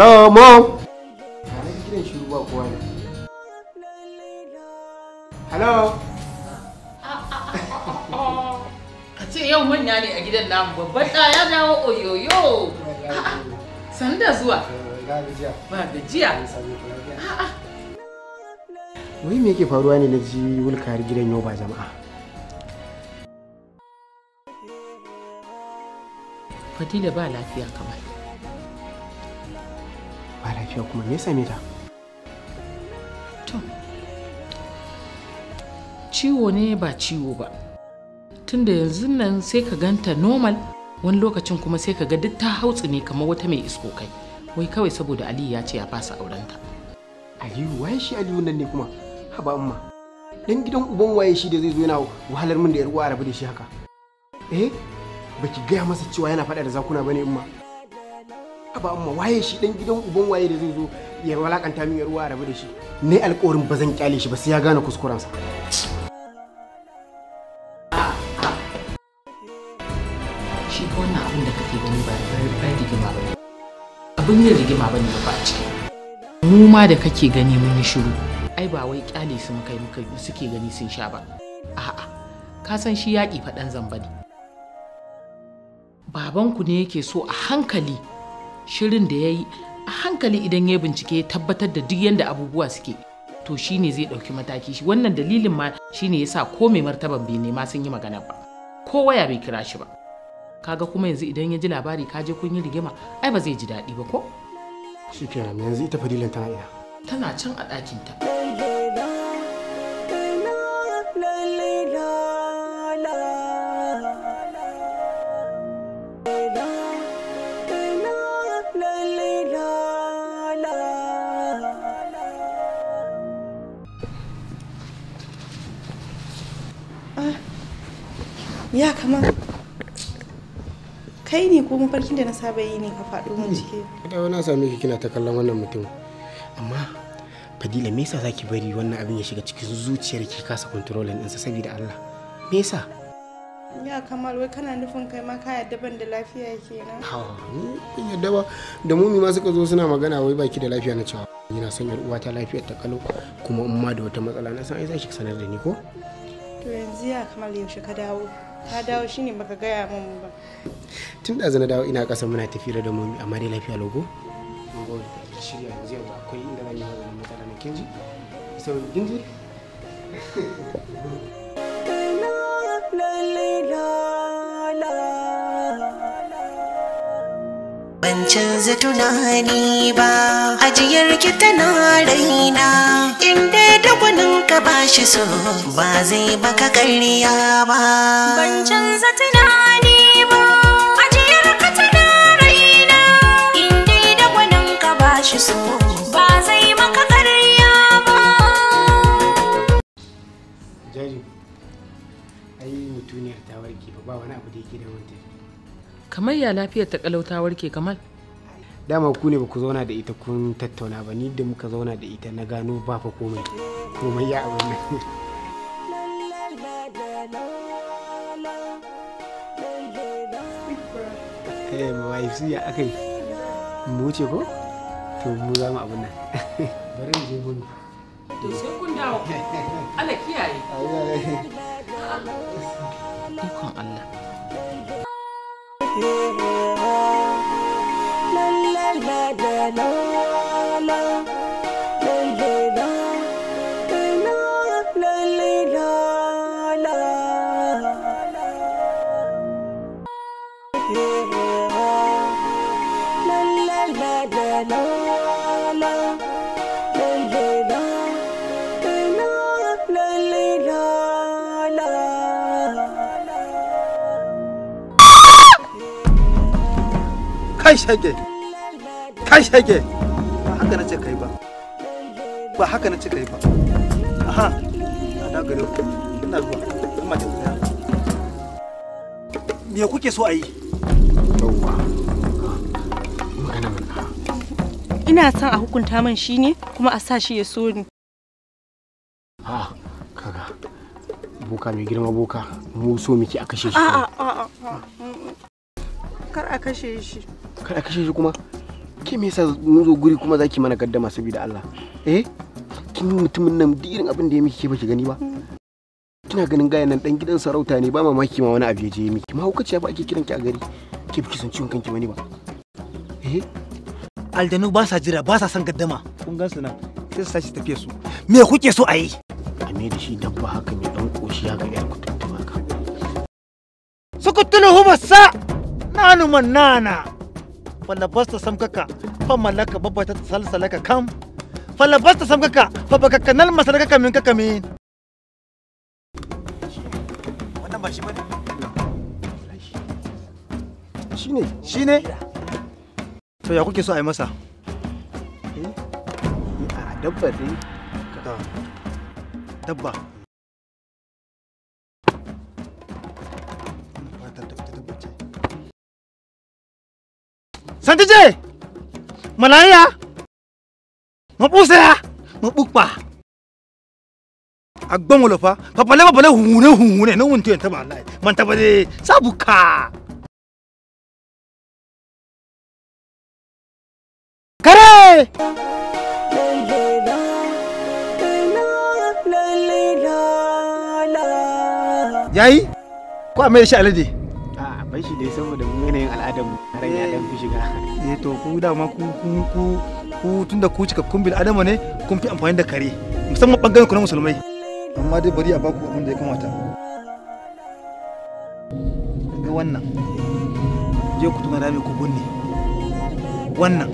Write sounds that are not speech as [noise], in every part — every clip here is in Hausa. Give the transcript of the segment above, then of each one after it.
hello mom kiran ba kowa ne hello ka ce yau manya ne a gidan namu babban ɗa ya dawo oyoyo sanda zuwa ba gajiya wai me yake faruwa ne na ji wulkar gidan yau ba jama'a fadila ba lafiya kamar ba lafiya kuma me same ta to ciwo ne ba ciwo ba tunda yanzu nan sai ka ganta normal wani lokacin kuma sai ka ga duk ta hautsi ne kamar wata mai isko kai wai kawai saboda aliyu ya ce ya fasa aurenta aliyu waye shi aliyu nan ne kuma haba amma. dan gidan uban waye shi da zai zo yana wahalar mun da yar uwa rabu da shi haka eh baki gaya masa cewa yana faɗa da zakuna bane umma ba amma waye shi dan gidan uban waye da zai zo ya walakanta min ruwa rabu da shi ne alƙawarin ba zan kyale shi ba sai ya gane kuskurensa shi ko wannan abin da kake gani ba ba rigima ba abin yin rigima ba ne ba a ciki mu ma da kake gani mun yi shiru ai ba wai kyale su muka yi muka suke gani sun sha ba a'a ka san shi yaƙi faɗan zamba ne babanku ne yake so a hankali shirin da ya yi a hankali idan ya bincike ya tabbatar da duk yadda abubuwa suke to shine zai ɗauki mataki shi wannan dalilin ma shine ya sa ko mai martaban bai ma sun yi magana ba ko waya bai kira shi ba kaga kuma yanzu idan ya ji labari ka je kun yi rigima ai ba zai ji daɗi ba ko kenan yanzu ita fadilin tana ina tana can a ɗakinta ya kama kai ne ko mafarkin da na saba yi ne ka faɗo min ciki hmm. da wani same ki kina ta kallon wannan mutum amma fadila me yasa zaki bari wannan abin ya shiga cikin zuciyar ki kasa controlling ɗinsa saboda Allah me yasa ya kamal wai kana nufin kai ma ka yadda ban da lafiya kenan ha ni ban yadda ba da mumi ma suka zo suna magana wai baki da lafiya na cewa ina son yar uwa ta lafiyar ta kalo kuma in ma da wata matsala na san ai zaki sanar da ni ko to yanzu ya kamal yaushe ka dawo ka dawo shine baka gaya min ba tun da na dawo ina kasa muna tafira da mami amma dai lafiya logo mun gode ki shirya yanzu yau akwai inda zan yi wannan matsala na kinji so kinji la la la ban canza tunani ba ajiyar ki tana raina in dai da gwanin ka shi so ba zai baka ƙarya ba ban canza tunani ba ajiyar ka tana raina in dai da gwanin ka shi so ba zai maka ƙarya ba jari ai mutuniyar ta warke ba wani abu da yake da wanda kamar ya lafiyar ta kalauta warke kamal dama ku ne ba ku zauna da ita kun tattauna ba ni da muka zauna da ita na gano ba fa komai komai ya abin nan eh mai ya akai mu ce ko to mu za mu abin nan [laughs] bari mu je mun to sai kun dawo Allah kiyaye ikon Allah yeah. La la la la la. kai shage kai shage ba haka na ce kai ba ba haka na ce kai ba aha na gare ku ina zuwa amma ta kuya me kuke so a yi yawwa ina son a hukunta min shi ne kuma a sa shi ya so ni ah kaga boka mai girma boka mu so miki a kashe shi a'a a'a kar a kashe shi kada kashe shi kuma ke me yasa mun zo guri kuma zaki mana gaddama saboda Allah eh kin mutumin nan duk irin abin da ya miki ke baki gani ba kina ganin gayan nan dan gidan sarauta ne ba mamaki ma wani abu ya je miki ma hukaciya ba ake kiran ki a gari ke biki san ciwon kanki wani ba eh aldanu ba sa jira ba sa san gaddama kun gan su nan sai su tashi tafiye su me kuke so a yi a me da shi dabba haka mai dan koshi haka yar kutuntu ka sukuttulu humassa nanu nana. falabasta samkaka fa malaka babba ta salsalaka kam falabasta samkaka fa baka kanal masaraka kamin ka min wannan ba shi bane shine shine to ya kuke so a yi masa eh, a dabba dai ka ah, dabba santice malaya mabusaya mabukpa agbon wolofa papale papale hunhune hunhune no wuntu yanta ba lai man tabade sabuka kare yayi ko me shi alade zaben shi dai saboda mu yanayin al'adar mu ran ya dan fi shiga eh to ku ma ku ku ku tunda ku kun bil adama ne kun fi amfani da kare musamman bangaren ku na musulmai amma dai bari a baku abin da ya kamata ga wannan je ku tuna rami ku bunne wannan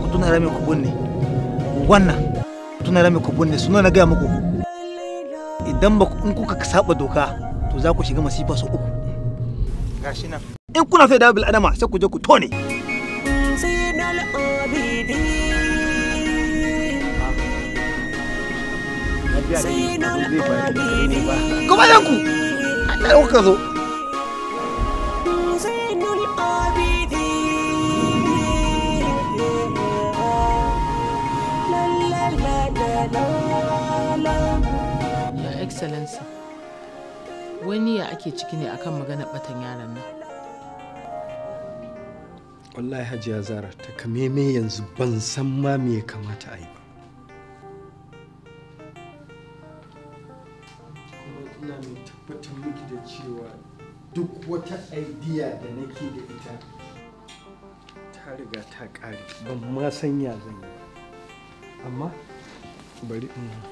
ku tuna rami ku bunne wannan ku tuna rami ku bunne suna na gaya muku idan ba in kuka saba doka to za ku shiga masifa so. uku gashi nan in kuna sai da bil adama sai ku je ku tone zainal abidi zainal abidi kuma yanku ai kuka zo excellency wani ya ake ciki ne akan maganar batan yaron nan wallahi hajiya zara ta kameme yanzu ban san ma me ya kamata a yi ba ina mai tabbatar miki da cewa duk wata idea da nake da ita ta riga ta ƙare ban ma sanya zan yi amma bari in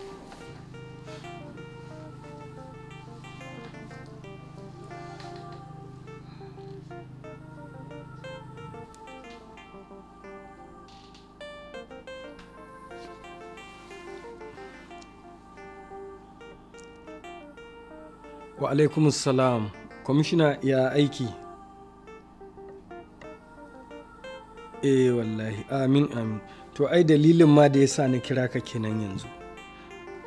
alaikum salam kwamishina ya aiki eh wallahi amin amin to ai dalilin ma da ya sa na kira ka kenan yanzu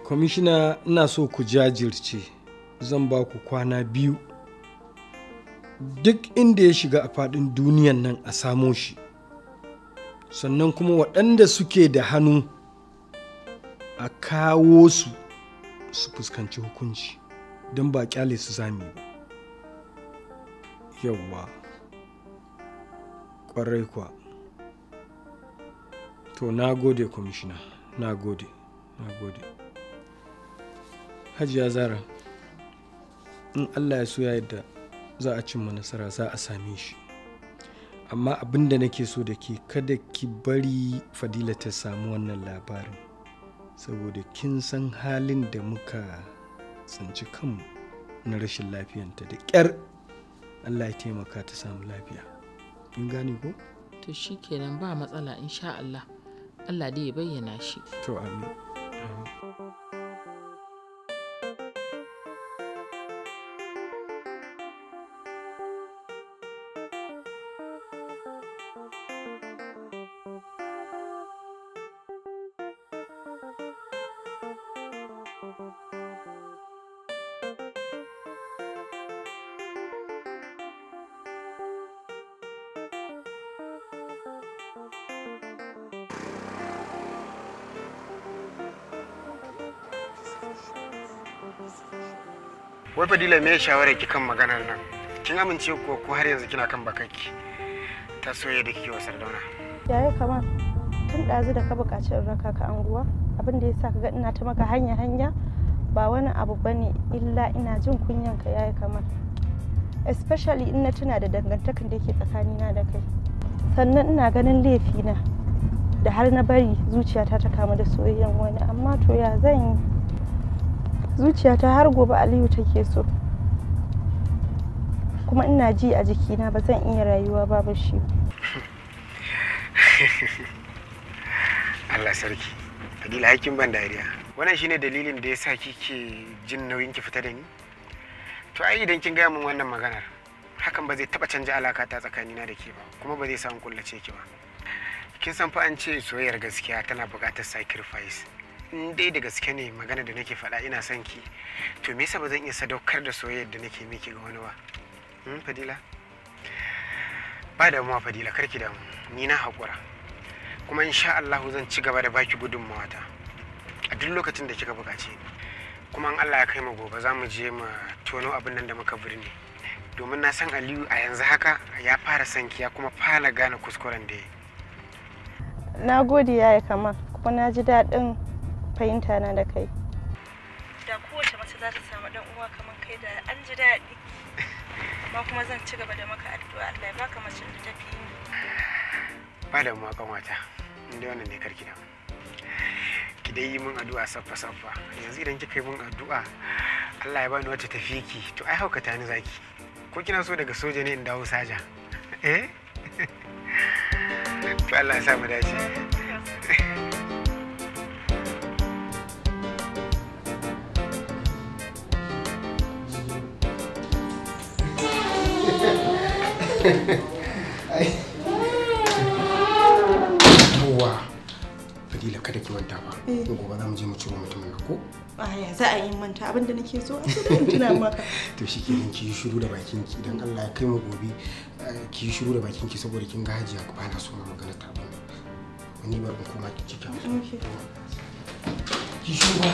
kwamishina ina so ku jajirce zan ba ku kwana biyu duk inda ya shiga a faɗin duniyan nan a samo shi sannan kuma waɗanda suke da hannu a kawo su su fuskanci hukunci don ba kyale su sami ba yauwa kwarai kuwa to na gode kwamishina na gode na gode hajiya zara in allah ya soya yadda za a cimma nasara za a sami shi amma abin da nake so da ke kada ki bari fadila ta samu wannan labarin saboda kin san halin da muka tsinci kanmu na rashin lafiyanta da ƙyar Allah ya taimaka ta samu lafiya in gane ko to shikenan ba matsala insha Allah Allah dai ya bayyana shi to amin wai fadila me shawarar ki kan maganar nan kin amince ko ko har yanzu kina kan bakanki ta soye da kike wasar dauna yaya kamar tun ɗazu da ka bukaci in raka ka anguwa abin da yasa ga ina ta maka hanya hanya ba wani abu bane illa ina jin kunyan ka yaya kamar especially in na tuna da dangantakan da yake tsakanina da kai sannan ina ganin laifi na da har na bari zuciyata ta kama da soyayyan wani amma to ya zan yi zuciyata har gobe aliyu take so kuma ina ji a jikina ba zan iya rayuwa ba shi [laughs] Allah sarki dalilin hakin ban dariya wannan shine dalilin da yasa kike jin nauyin ki fita da ni to ai idan kin gaya min wannan maganar hakan ba zai taba canja alaka ta tsakanina da ke ba kuma ba zai sa in kullace ki ba kin san fa an ce soyayyar gaskiya tana buƙatar sacrifice in dai da gaske ne magana da nake faɗa ina son ki to me yasa ba zan iya sadaukar da soyayyar da nake miki ga wani ba hmm, fadila ba da damuwa fadila karki damu ni na haƙura kuma insha Allah zan ci gaba da baki gudunmawa ta a duk lokacin da kika buƙace ni kuma in Allah ya kai mu gobe za mu je mu tono abin nan da muka birni domin na san Aliyu a yanzu haka ya fara son ya kuma fara gane kuskuren da ya na gode yaya kama, kuma na ji daɗin fahimta na da kai da kowace mace za ta samu dan uwa kamar kai da an ji daɗi amma kuma zan ci gaba da maka addu'a Allah ya baka mace da tafi ba da mu akan wata inda wannan ne karki da ki dai yi min addu'a saffa saffa yanzu idan kika yi min addu'a Allah ya bani wata tafi ki to ai haukata ni zaki ko kina so daga soja ne in dawo saja eh [laughs] Allah ya sa mu dace Yawwa. Fadila kada ki wanta ba. Gobe za mu je mu ciro mutumin ko? Aya ah, za a yi manta abin da nake so a tuna maka. [laughs] To shi ki yi shiru da bakin ki idan Allah ya kai mu gobe eh, ki yi shiru da bakin ki saboda kin ga hajiya ba na so magana ta ba. Wani bar koma ki cikin. Mm, ki shiru ba.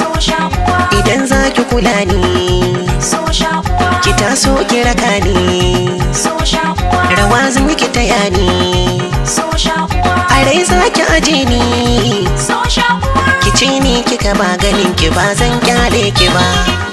idan za ki kula ni ki taso ki raka ni rawa zan ki taya ni a rai za ki aje ni ki ce ni kika ganin ki ba zan kyale ki ba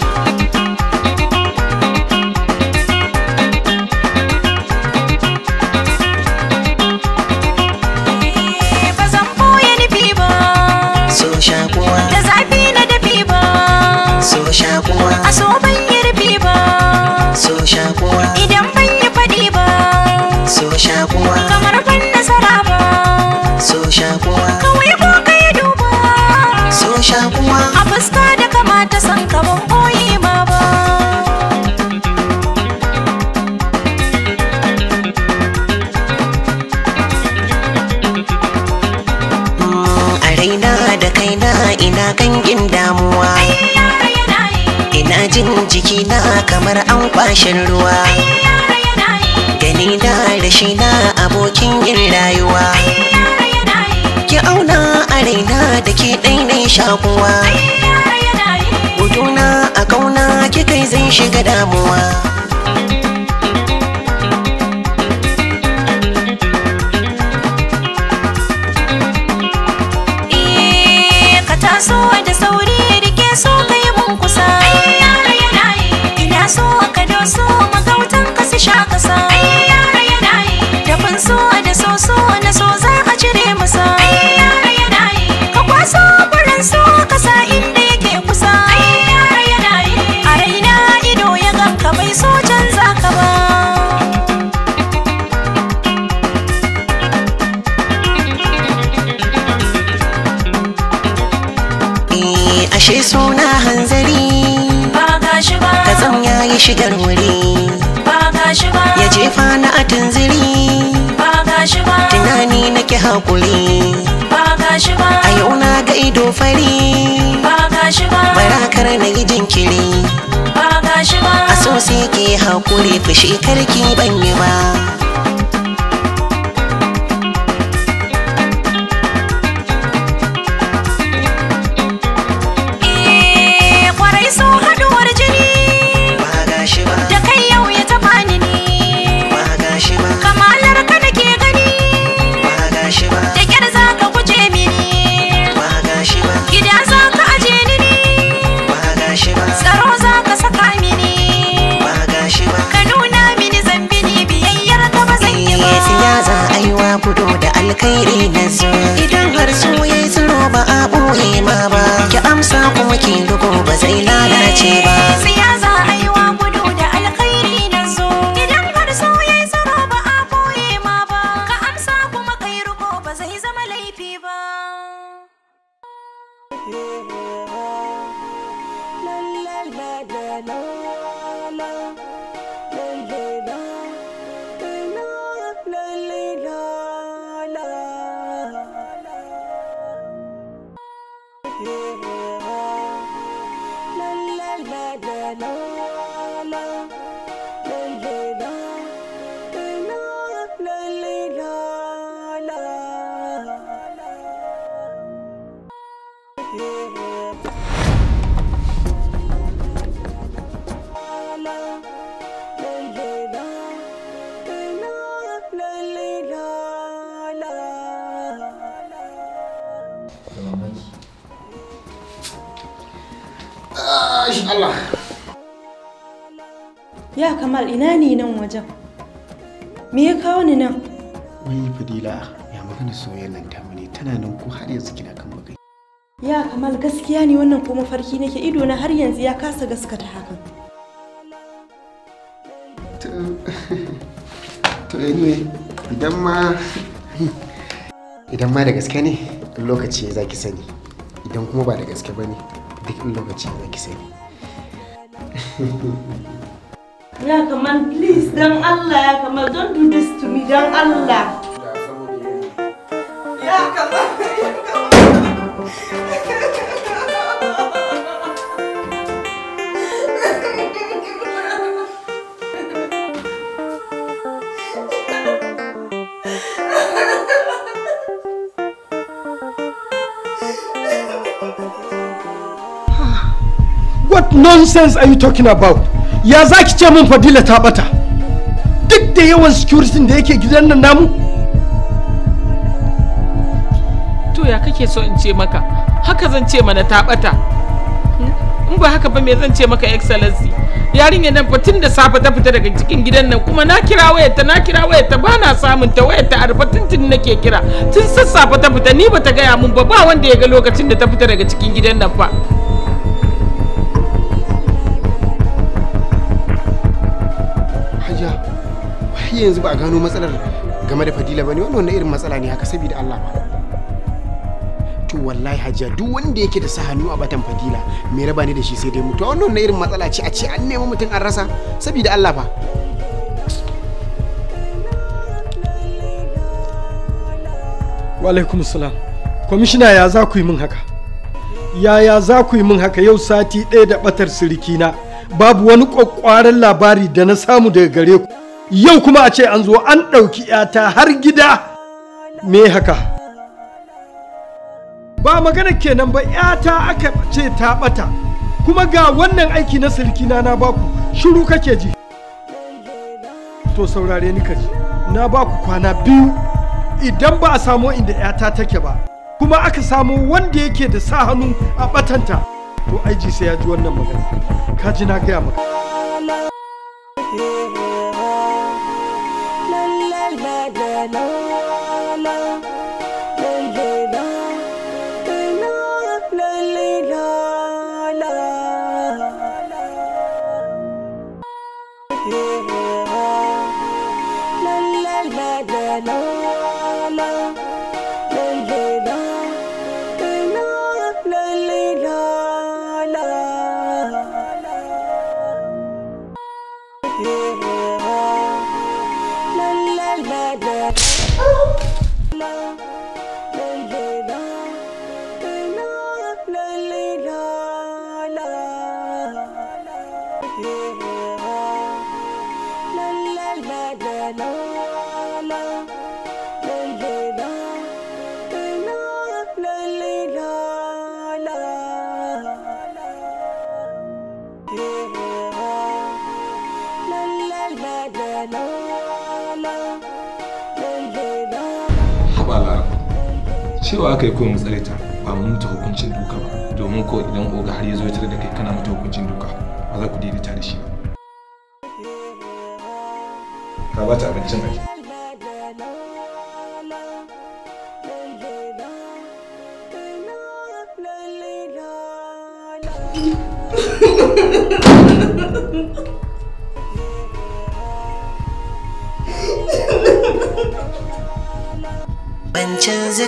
ina gangin damuwa ina jin jiki na kamar an kwashen ruwa gani na rashi na abokin yin rayuwa ki auna a raina da ke ɗainai shakuwa guduna a kauna kikai zai shiga damuwa kuli ba gashi ba na ga ido fari ba gashi ba na yi jinkiri ba ba a so sai ke hakuri fushi karki ban ba alkhairi na su idan har soyayya tsaro ba a ɓoye ma ba ki amsa kuma ki dugo ba zai lalace Ya Kamal ina ne nan wajen? Me ya kawo ni nan? Wai Fadila, ya magana soyayyar nan ta mune tana nan ko har yanzu kina ya kamal gaskiya ne wannan ko mafarki nake ido na har yanzu ya kasa gaskata hakan to ne idan ma idan ma da gaske ne lokaci za ki sani idan kuma ba da gaske ba ne duk lokaci za ki sani ya kamal please don allah ya kamal don do this to me don allah nonsense are you talking about ya za ki ce min fadila ta bata duk da yawan security da yake gidan nan namu to ya kake so in ce maka haka zan ce mana ta bata in ba haka ba me zan ce maka excellency yarinya nan fa tun da safe ta fita daga cikin gidan nan kuma na kira wayarta na kira wayarta ba na samun ta wayarta arbatin tun nake kira tun sassafe ta fita ni bata gaya mun ba ba wanda ya ga lokacin da ta fita daga cikin gidan nan fa fi yanzu ba a gano matsalar game da fadila ba ne wannan irin matsala ne haka saboda Allah ba to wallahi hajiya duk wanda yake da sahanu a batan fadila me raba ne da shi sai dai mutuwa wannan na irin matsala ce a ce an nemi mutum an rasa saboda Allah fa wa alaikum salam kwamishina ya za ku yi min haka yaya za ku yi min haka yau sati ɗaya da batar sirikina babu wani ƙwaƙƙwaran labari da na samu daga gare ku yau kuma a ce an zo an ɗauki ‘yata har gida me haka ba magana kenan ba ‘yata aka ce ta ɓata kuma ga wannan aiki na sirkina na baku shiru kake ji to saurare ni ka ji na baku kwana biyu idan ba a samo inda ‘yata take ba kuma aka samo wanda yake da sa hannu a ɓatanta to aiji sai ya ji wannan magana ka ji na gaya maka cewa aka yi ko mu ba mu mutu hukuncin duka ba domin ko idan oga har ya zo tare da kai kana mata hukuncin duka ba za ku daidaita da shi ba ka ba ta abincin ake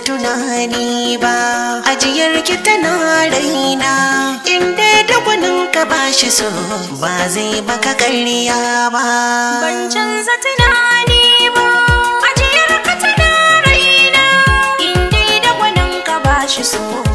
canza tunani ba ajiyar ki tana raina inda da gwanin ka bashi so ba zai baka karya ba ban canza tunani ba ajiyar ka tana raina inda da gwanin ka bashi so